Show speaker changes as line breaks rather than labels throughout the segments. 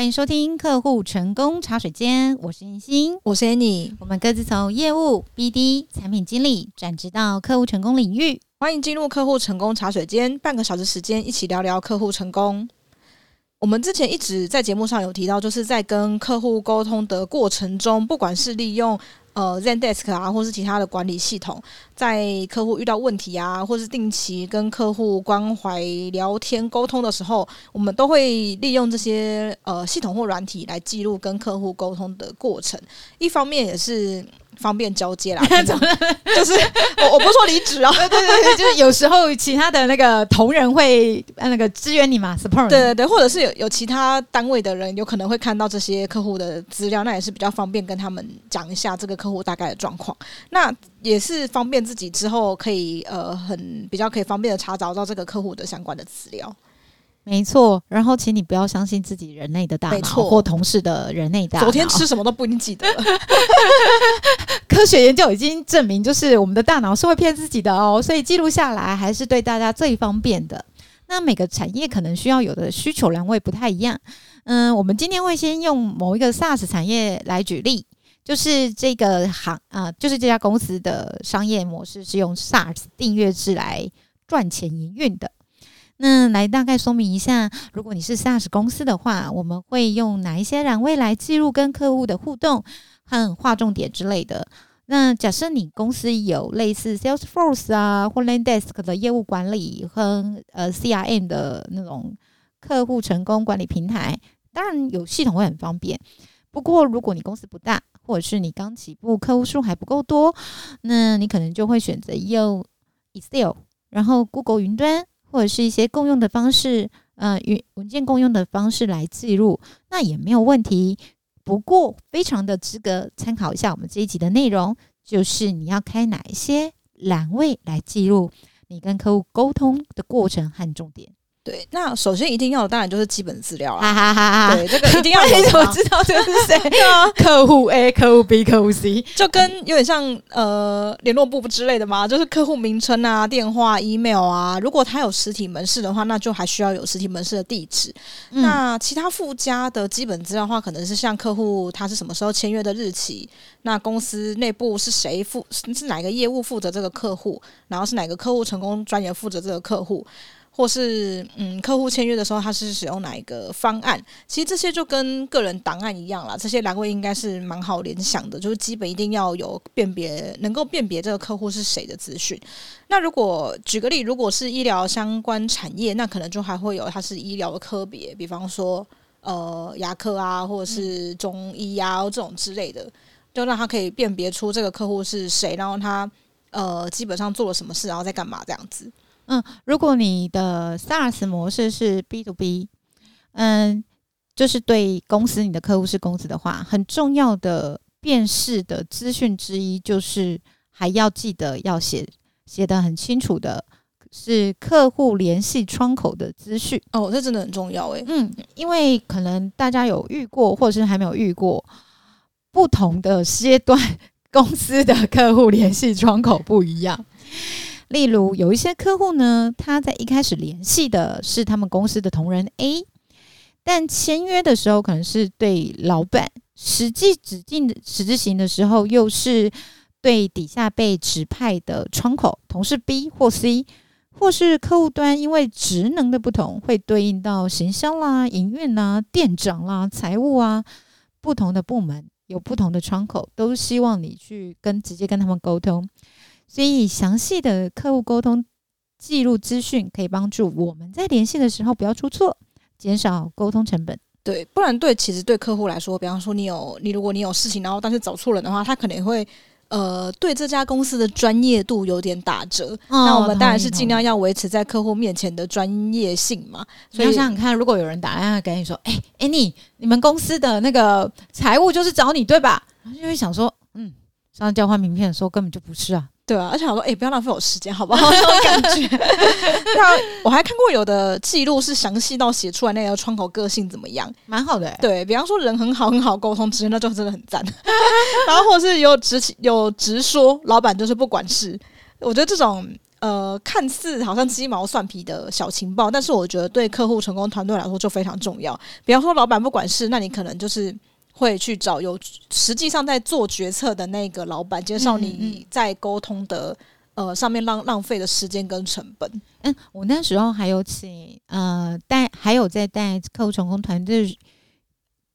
歡迎收聽客戶成功茶水間，我是銀心，我是 Annie。我們各自從業務、BD、產品經理轉職到客戶成功領域。歡迎進入客戶成功茶水間，半個小時時間一起聊聊客戶成功。我們之前一
直在節目上有提到，就是在跟客戶溝通的過程中，不管是利用。呃，Zendesk 啊，或是其他的管理系統，在客戶遇到問題啊，或是定期跟客戶關懷聊天溝通的時候，我們都會利用這些呃系統或軟體來記錄跟客戶溝通的過程。一方面也是。方便交接啦，這種 就是 我我不說離職啊，對，對對對，就是有時候
其他的那個同仁會那個支援你嘛 support 對對
對，或者是有有其他單位的人有可能會看到這些客戶的資料，那也是比較方便跟他們講一下這個客
戶大概的狀
況，那也是方便自己之後可以呃很比較可以方便的查找到這個客戶的相關的資料。
沒錯，然後請你不要相信自己人類的大腦，或同事的人類大腦。昨天吃什麼都不一定記得。 科學研究已經證明，就是我們的大腦是會騙自己的哦，所以記錄下來還是對大家最方便的。那每個產業可能需要有的需求欄位不太一樣。嗯，我們今天會先用某一個 SaaS 產業來舉例，就是這個行啊、呃，就是這家公司的商業模式是用 SaaS 訂閱制來賺錢營運的。那來大概說明一下，如果你是 SaaS 公司的話，我們會用哪一些軟位來記錄跟客戶的互動和劃重點之類的。那假設你公司有類似 Salesforce 啊或 Landesk 的業務管理和呃 CRM 的那種客戶成功管理平台，當然有系統會很方便。不過如果你公司不大，或者是你剛起步，客戶數還不夠多，那你可能就會選擇用 Excel，然後 Google 雲端，或者是一些共用的方式，呃，與文件共用的方式來記錄，那也沒有問題。不過，非常的值得參考一下我們這一集的內容，就是你要開哪一些欄位來記錄你跟客戶溝通的過程和重點。
對，那首先一定要的當然就是基本資料啦，哈哈哈哈對這個一定要。你怎麼
知道這是誰？ 客戶 A 客 B, 客、客戶 B、客戶 C，
就跟有點像呃聯絡簿之類的嘛，就是客戶名稱啊、電話、email 啊。如果他有實體門市的話，那就還需要有實體門市的地址。嗯、那其他附加的基本資料的話，可能是像客戶他是什麼時候簽約的日期，那公司內部是誰負是哪個業務負責這個客戶，然後是哪個客戶成功專員負責這個客戶。或是嗯，客戶簽約的時候，他是使用哪一個方案？其實這些就跟個人檔案一樣啦。這些欄位應該是蠻好聯想的，就是基本一定要有辨別，能夠辨別這個客戶是誰的資訊。那如果舉個例，如果是醫療相關產業，那可能就還會有他是醫療的科別，比方說呃牙科啊，或者是中醫啊，嗯、這種之類的，就讓他可以辨別出這個客戶是誰，然後他呃基本上做了什麼事，然後在幹嘛這樣子。
嗯，如果你的 SaaS 模式是 B to B，嗯，就是對公司，你的客戶是公司的話，很重要的辨識的資訊之一，就是還要記得要寫寫得很清楚的，是客戶聯繫窗口的資訊。哦，這真的很重要哎、欸。嗯，因為可能大家有遇過，或者是還沒有遇過，不同的階段，公司的客戶聯繫窗口不一樣。例如，有一些客戶呢，他在一開始聯繫的是他們公司的同仁 A，但簽約的時候可能是對老板，實際指定的執行的時候又是對底下被指派的窗口同事 B 或 C，或是客戶端因為職能的不同，會對應到行銷啦、營運啦、店長啦、財務啊不同的部門有不同的窗口，都希望你去跟直接跟他們溝通。所以詳細的客戶溝通記錄資訊可以幫助我們在聯繫的時候不要出錯，減少溝通成本。
對，不然對，其實對客戶來說，比方說你有你，如果你有事情，然後但是找錯人的話，他可能會呃對這家公司的專業度有點打折。哦，那我們當然是盡量要維
持在客戶面前的專業性嘛。所以，所以要你想看，如果有人打電話給你說：“哎，Annie，你們公司的那個財務就是找你對吧？”他就會想說：“嗯，上次交換名片的時候根本就不是啊。”
對啊，而且我說，哎，不要浪費我時間，好不好？這種感覺。 那我還看過有的記錄是詳細到寫出來那個窗口個性怎麼樣，蠻好的、欸。對，比方說人很好，很好溝通，其實那就真的很讚。 然後或是有直有直說，老闆就是不管事。我覺得這種呃，看似好像雞毛蒜皮的小情報，但是我覺得對客戶成功團隊來說就非常重要。比方說老闆不管事，那你可能就是。會去找有實際上在做決策的那個老闆，介紹你在溝通的、嗯嗯、呃上面浪浪費的時間跟成本。
嗯，我那時候還有請呃帶還有在帶客戶成功團隊、就是、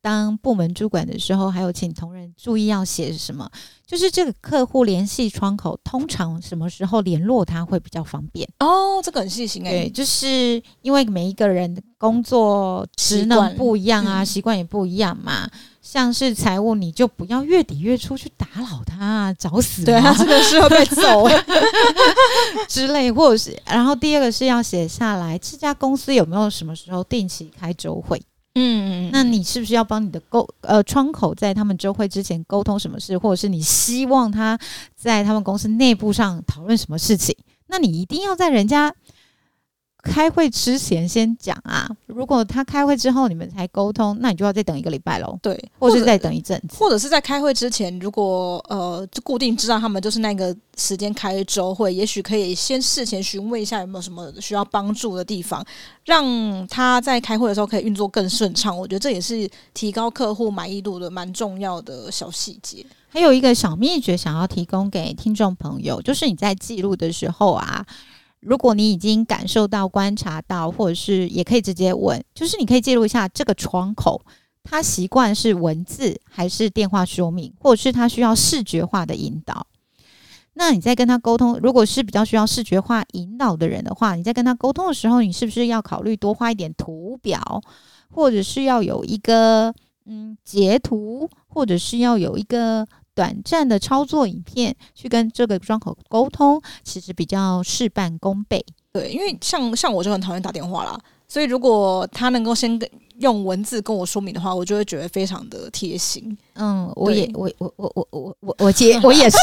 當部門主管的時候，還有請同仁注意要寫什麼，就是這個客戶聯繫窗口通常什麼時候聯絡他會比較方便。哦，這個很細心哎、欸，對，就是因為每一個人工作職能不一樣啊，嗯、習慣也不一樣嘛。嗯像是財務，你就不要月底月初去打擾他、啊，找死嗎？對，他這個時候被揍、啊、 之類，或者是然後第二個是要寫下來，這家公司有沒有什麼時候定期開週會？嗯，那你是不是要幫你的溝呃窗口在他們週會之前溝通什麼事，或者是你希望他在他們公司內部上討論什麼事情？那你一定要在人家開會之前先講啊，如果他開會之後你們才溝通，那你就要再等一個禮拜嘍。對，或者，或者是再等一陣
子，或者是在開會之前，如果呃就固定知道他們就是那個時間開周會，也許可以先事前詢問一下有沒有什麼需要幫助的地方，讓他在開會的時候可以運作更順暢。我覺得這也是提高客戶滿意度的蠻重要的小細節。
還有一個小秘訣，想要提供給聽眾朋友，就是你在記錄的時候啊，如果你已經感受到、觀察到，或者是也可以直接問，就是你可以記錄一下這個窗口，他習慣是文字還是電話說明，或者是他需要視覺化的引導。那你在跟他溝通，如果是比較需要視覺化引導的人的話，你在跟他溝通的時候，你是不是要考慮多畫一點圖表，或者是要有一個嗯，截圖，或者是要有一個。短暫的操作影片去跟這個窗口溝通，其實比較事半功倍。對，
因為像像我就很討厭打電話啦，所以如果他能夠先跟用文字跟我
說明的話，我就會覺得非常的貼心。嗯，我也對我我我我我我我也我也是，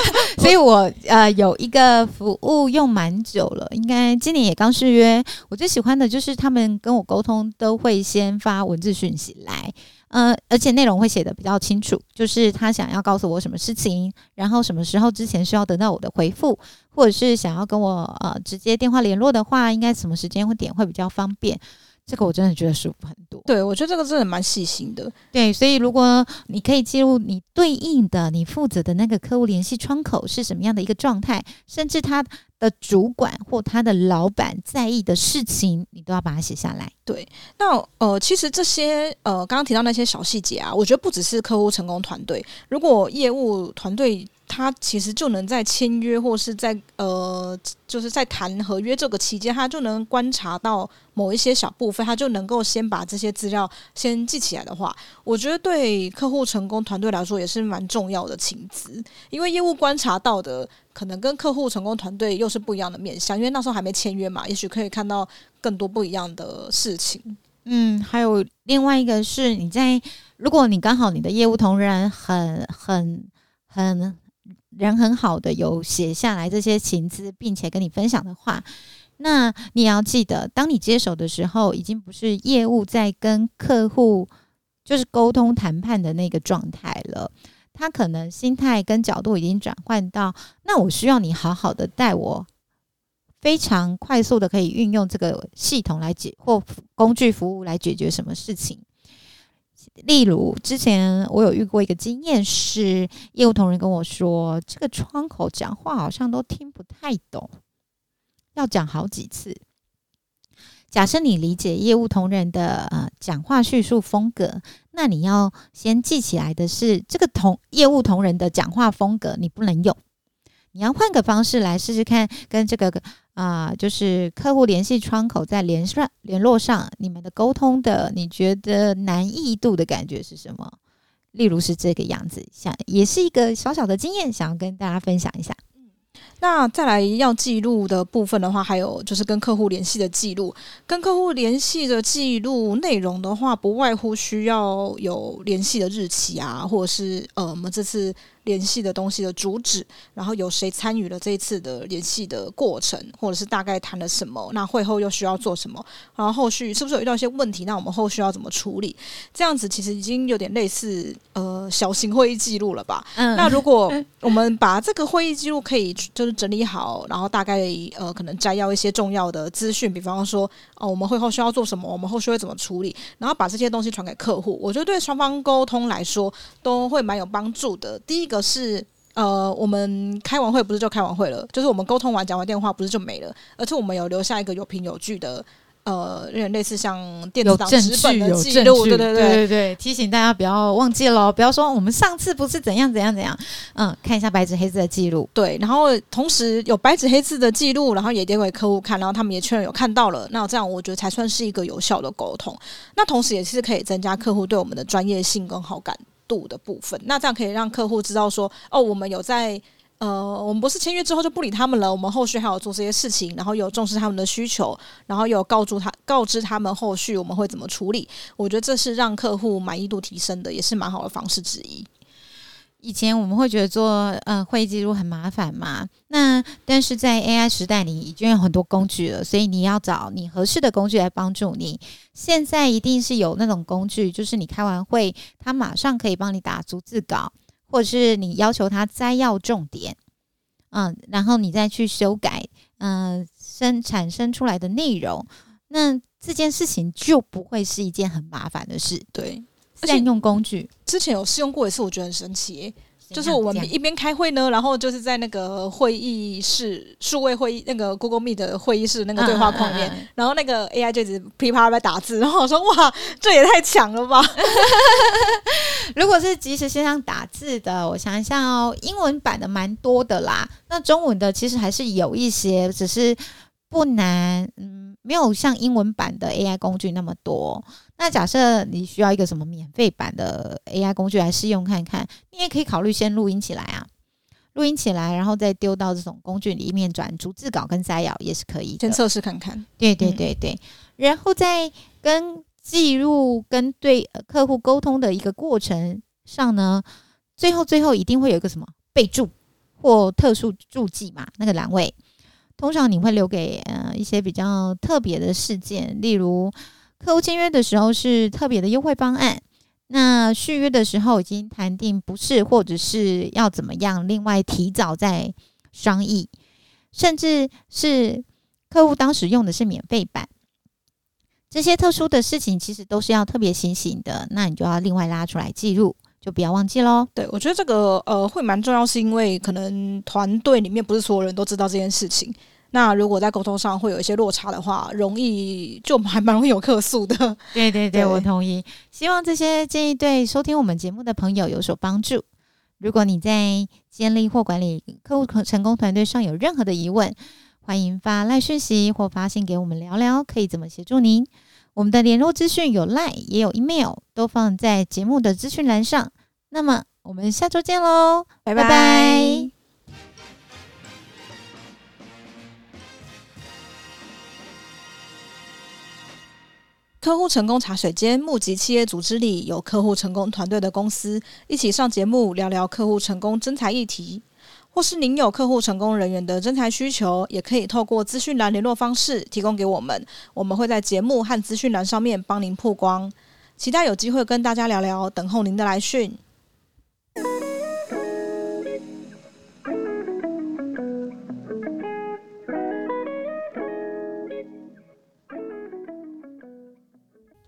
我 所以我呃有一個服務用蠻久了，應該今年也剛續約。我最喜歡的就是他們跟我溝通都會先發文字訊息來。呃，而且內容會寫得比較清楚，就是他想要告訴我什麼事情，然後什麼時候之前需要得到我的回覆，或者是想要跟我呃直接電話聯絡的話，應該什麼時間會點會比較方便？這個我真的覺得舒服很
多。對，我覺得這個真的
蠻細心的。對，所以如果你可以記錄你對應的、你負責的那個客戶聯繫窗口是什麼樣的一個狀態，甚至他。的主管或他的老闆在意的事情，你都要把它寫下來。
對，那呃，其實這些呃，剛剛提到那些小細節啊，我覺得不只是客戶成功團隊，如果業務團隊。他其實就能在簽約，或是在呃，就是在談合約這個期間，他就能觀察到某一些小部分，他就能夠先把這些資料先記起來的話，我覺得對客戶成功團隊來說也是蠻重要的情資，因為業務觀察到的可能跟客戶成功團隊又是不一樣的面向，因為那時候還沒簽約嘛，也許可以看到更多不一樣的事情。
嗯，還有另外一個是你在，如果你剛好你的業務同仁很很很。很人很好的有寫下來這些情資，並且跟你分享的話，那你也要記得，當你接手的時候，已經不是業務在跟客戶就是溝通談判的那個狀態了。他可能心態跟角度已經轉換到，那我需要你好好的帶我，非常快速的可以運用這個系統來解或工具服務來解決什麼事情。例如，之前我有遇過一個經驗是，是業務同仁跟我說，這個窗口講話好像都聽不太懂，要講好幾次。假設你理解業務同仁的呃講話敘述風格，那你要先記起來的是，這個同業務同仁的講話風格，你不能用，你要換個方式來試試看，跟這個。啊，就是客戶聯繫窗口在聯絡上，聯絡上，你們的溝通的，你覺得難易度的感覺是什麼？例如是這個樣子，想也是一個小小的經驗，想要跟大家分享一下。
那再來要記錄的部分的話，還有就是跟客戶聯繫的記錄，跟客戶聯繫的記錄內容的話，不外乎需要有聯繫的日期啊，或者是呃，我們這次。聯繫的東西的主旨，然後有誰參與了這一次的聯繫的過程，或者是大概談了什麼？那會後又需要做什麼？然後後續是不是有遇到一些問題？那我們後續要怎麼處理？這樣子其實已經有點類似呃小型會議記錄了吧？嗯，那如果我們把這個會議記錄可以就是整理好，然後大概呃可能摘要一些重要的資訊，比方說哦，呃，我們會後需要做什麼，我們後續會怎麼處理，然後把這些東西傳給客戶，我覺得對雙方溝通來說都會蠻有幫助的。第一。可是，呃，我們開完會不是就開完會了？就是我們溝通完、講完電話，不是就沒了？而且我們有留下一個有憑有據的，呃，類似像電子檔、紙本的記錄，對對對,對,對,對，
提醒大家不要忘記嘍，不要說我們上次不是怎樣怎樣怎樣？嗯，看一下白紙黑字的記錄。對，然後同時有白紙黑字的記錄，然後也丟給客戶看，然後
他們也確認有看到了。那這樣我覺得才算是一個有效的溝通，那同時也是可以增加客戶對我們的專業性跟好感。度的部分，那這樣可以讓客戶知道說，哦，我們有在，呃，我們不是簽約之後就不理他們了，我們後續還有做這些事情，然後有重視他們的需求，然後有告訴他，告知他們後續我們會怎麼處理。我覺得這是讓客
戶滿意度提升的，也是蠻好的方式之一。以前我們會覺得做呃會議記錄很麻煩嘛，那但是在 AI 時代你已經有很多工具了，所以你要找你合適的工具來幫助你。現在一定是有那種工具，就是你開完會，他馬上可以幫你打逐字稿，或者是你要求他摘要重點，嗯，然後你再去修改，嗯、呃，生產生出來的內容，那這件事情就不會是一件很麻煩的事，對。占用工具
之前有試用過一次，我覺得很神奇欸。
就是我們一
邊開會呢，然後就是在那個會議室、數位會議那個 Google Meet 的會議室那個對話框裡面，
然後那個 AI 就一直噼啪在打字。然後我說：“哇，這也太強了吧！” 如果是即時線上打字的，我想一下哦，英文版的蠻多的啦。那中文的其實還是有一些，只是不難。嗯，沒有像英文版的 AI 工具那麼多。那假設你需要一個什麼免費版的 AI 工具，來試用看看，你也可以考慮先錄音起來啊，錄音起來，然後再丟到這種工具裡面轉逐字稿跟摘要也是可以，先測試看看。對對對對，嗯，然後在跟記錄跟對客戶溝通的一個過程上呢，最後最後一定會有一個什麼備註或特殊注記嘛，那個欄位，通常你會留給呃一些比較特別的事件，例如，客戶簽約的時候是特別的優惠方案，那續約的時候已經談定不是，或者是要怎麼樣，另外提早再商議，甚至是客戶當時用的是免費版，這些特殊的事情，其實都是要特別提醒的，那你就要另外拉出來記錄，就不要忘記嘍。對，我覺得這個呃會蠻重要，是因
為可能團隊裡面不是所有人都知道這件事情。那如果在溝通上會有一些落
差的話，容易就還蠻容易有客訴的。對對對，對我同意。希望這些建議對收聽我們節目的朋友有所幫助。如果你在建立或管理客戶成功團隊上有任何的疑問，歡迎發 LINE 訊息或發信給我們聊聊，可以怎麼協助您。我們的聯絡資訊有 LINE，也有 email，都放在節目的資訊欄上。那麼我們下週見嘍，拜拜 bye。Bye bye
客戶成功茶水間，募集企業組織裡有客戶成功團隊的公司，一起上節目聊聊客戶成功徵才議題。或是您有客戶成功人員的徵才需求，也可以透過資訊欄聯絡方式提供給我們，我們會在節目和資訊欄上面幫您曝光。期待有機會跟大家聊聊，等候您的來訊。